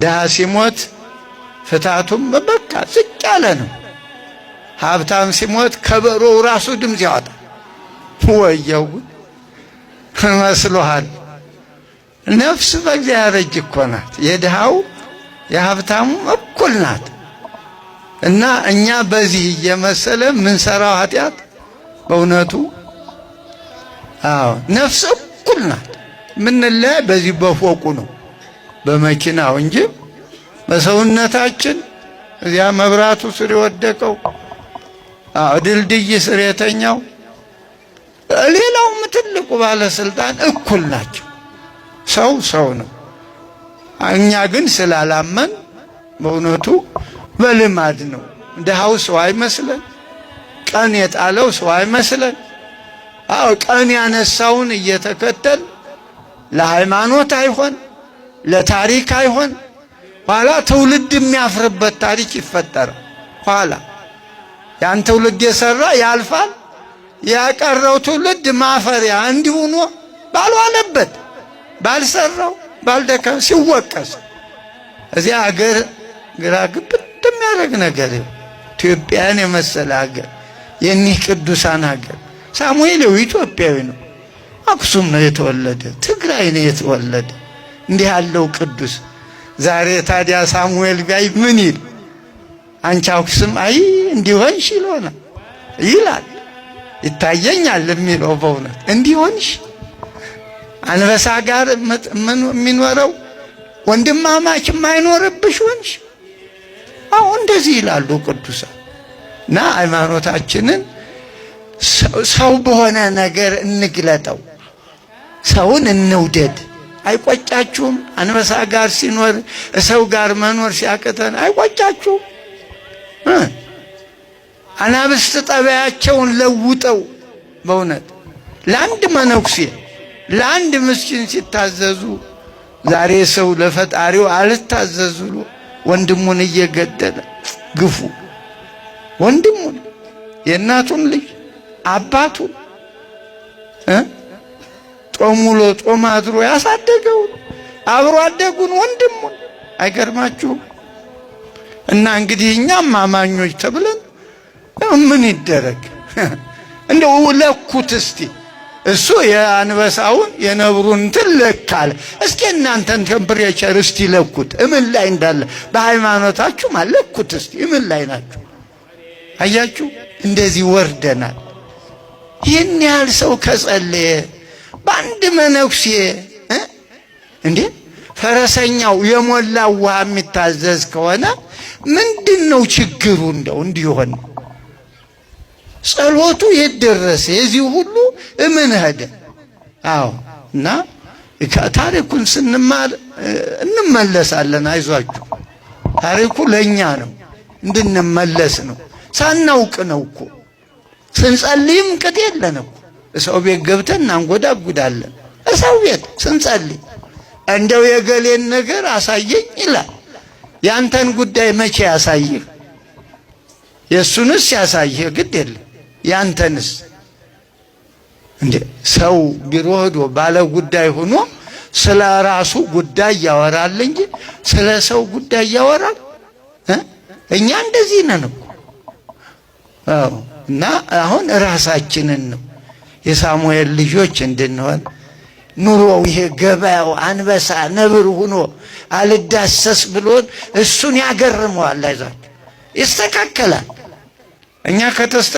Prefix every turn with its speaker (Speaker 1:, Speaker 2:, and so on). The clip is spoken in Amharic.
Speaker 1: ድሃ ሲሞት ፍታቱም በቃ ዝቅ ያለ ነው። ሀብታም ሲሞት ከበሮው ራሱ ድምፅ ያወጣል። ወየው መስሎሃል። ነፍስ በእግዚአብሔር እጅ እኮ ናት። የድሃው የሀብታሙ እኩል ናት። እና እኛ በዚህ እየመሰለ ምንሰራው ኃጢአት በእውነቱ አዎ ነፍስ እኩል ናት። ምንለያይ በዚህ በፎቁ ነው። በመኪናው እንጂ በሰውነታችን እዚያ መብራቱ ስር የወደቀው ድልድይ ስር የተኛው ሌላውም ትልቁ ባለስልጣን እኩል ናቸው። ሰው ሰው ነው። እኛ ግን ስላላመን በእውነቱ በልማድ ነው። ድሃው ሰው አይመስለን፣ ቀን የጣለው ሰው አይመስለን። አዎ ቀን ያነሳውን እየተከተል ለሃይማኖት አይሆን ለታሪክ አይሆን ኋላ ትውልድ የሚያፍርበት ታሪክ ይፈጠራል። ኋላ ያን ትውልድ የሰራ ያልፋል። ያቀረው ትውልድ ማፈሪያ እንዲሁ ባልዋለበት ባልሰራው ባልደከም ሲወቀስ እዚህ አገር ግራ ግብት የሚያደርግ ነገር ኢትዮጵያን የመሰለ ሀገር የኒህ ቅዱሳን ሀገር ሳሙኤል ኢትዮጵያዊ ነው። አክሱም ነው የተወለደ። ትግራይ ነው የተወለደ። እንዲህ ያለው ቅዱስ ዛሬ ታዲያ ሳሙኤል ጋይ ምን ይል አንቺ አኩስም አይ እንዲሆንሽ ይሎና ይላል ይታየኛል የሚለው በእውነት እንዲሆንሽ አንበሳ ጋር የሚኖረው ወንድማማች የማይኖርብሽ ሆንሽ። አሁን እንደዚህ ይላሉ ቅዱሳን እና ሃይማኖታችንን ሰው በሆነ ነገር እንግለጠው፣ ሰውን እንውደድ። አይቆጫችሁም? አንበሳ ጋር ሲኖር ሰው ጋር መኖር ሲያቅተን አይቆጫችሁም? አናብስት ጠባያቸውን ለውጠው በእውነት ለአንድ መነኩሴ ለአንድ ምስኪን ሲታዘዙ ዛሬ ሰው ለፈጣሪው አልታዘዝ ብሎ ወንድሙን እየገደለ ግፉ ወንድሙን የእናቱን ልጅ አባቱን ጾም ውሎ ጾም አድሮ ያሳደገውን አብሮ አደጉን ወንድሙን አይገርማችሁም? እና እንግዲህ እኛም አማኞች ተብለን ምን ይደረግ እንደው ለኩት እስቲ እሱ የአንበሳውን የነብሩን እንትን ለካለ። እስኪ እናንተን ቴምፕሬቸር እስቲ ለኩት፣ እምን ላይ እንዳለ በሃይማኖታችሁ ለኩት እስቲ፣ እምን ላይ ናችሁ? አያችሁ፣ እንደዚህ ወርደናል። ይህን ያህል ሰው ከጸለየ በአንድ መነኩሴ እንዴ ፈረሰኛው የሞላ ውሃ የሚታዘዝ ከሆነ ምንድን ነው ችግሩ? እንደው እንዲሆን ጸሎቱ የት ደረሰ? የዚህ ሁሉ እምን ሄደ? አዎ እና ታሪኩን ስንማር እንመለሳለን። አይዟችሁ፣ ታሪኩ ለእኛ ነው፣ እንድንመለስ ነው። ሳናውቅ ነው እኮ ስንጸልይም ቅጥ የለን እኮ ሰው ቤት ገብተን እናንጎዳጉዳለን። ሰው ቤት ስንጸልይ እንደው የገሌን ነገር አሳየኝ ይላል። ያንተን ጉዳይ መቼ ያሳይህ? የእሱንስ ያሳይህ ግድ የለም ያንተንስ እንዴ ሰው ቢሮ ሄዶ ባለ ጉዳይ ሆኖ ስለ ራሱ ጉዳይ ያወራል እንጂ ስለ ሰው ጉዳይ ያወራል? እኛ እንደዚህ ነን እኮ። አዎ። እና አሁን ራሳችንን ነው የሳሙኤል ልጆች እንድንሆን ኑሮው ይሄ ገበያው አንበሳ ነብር ሁኖ አልዳሰስ ብሎን እሱን ያገርመዋል። አይዟችሁ ይስተካከላል። እኛ ከተስተ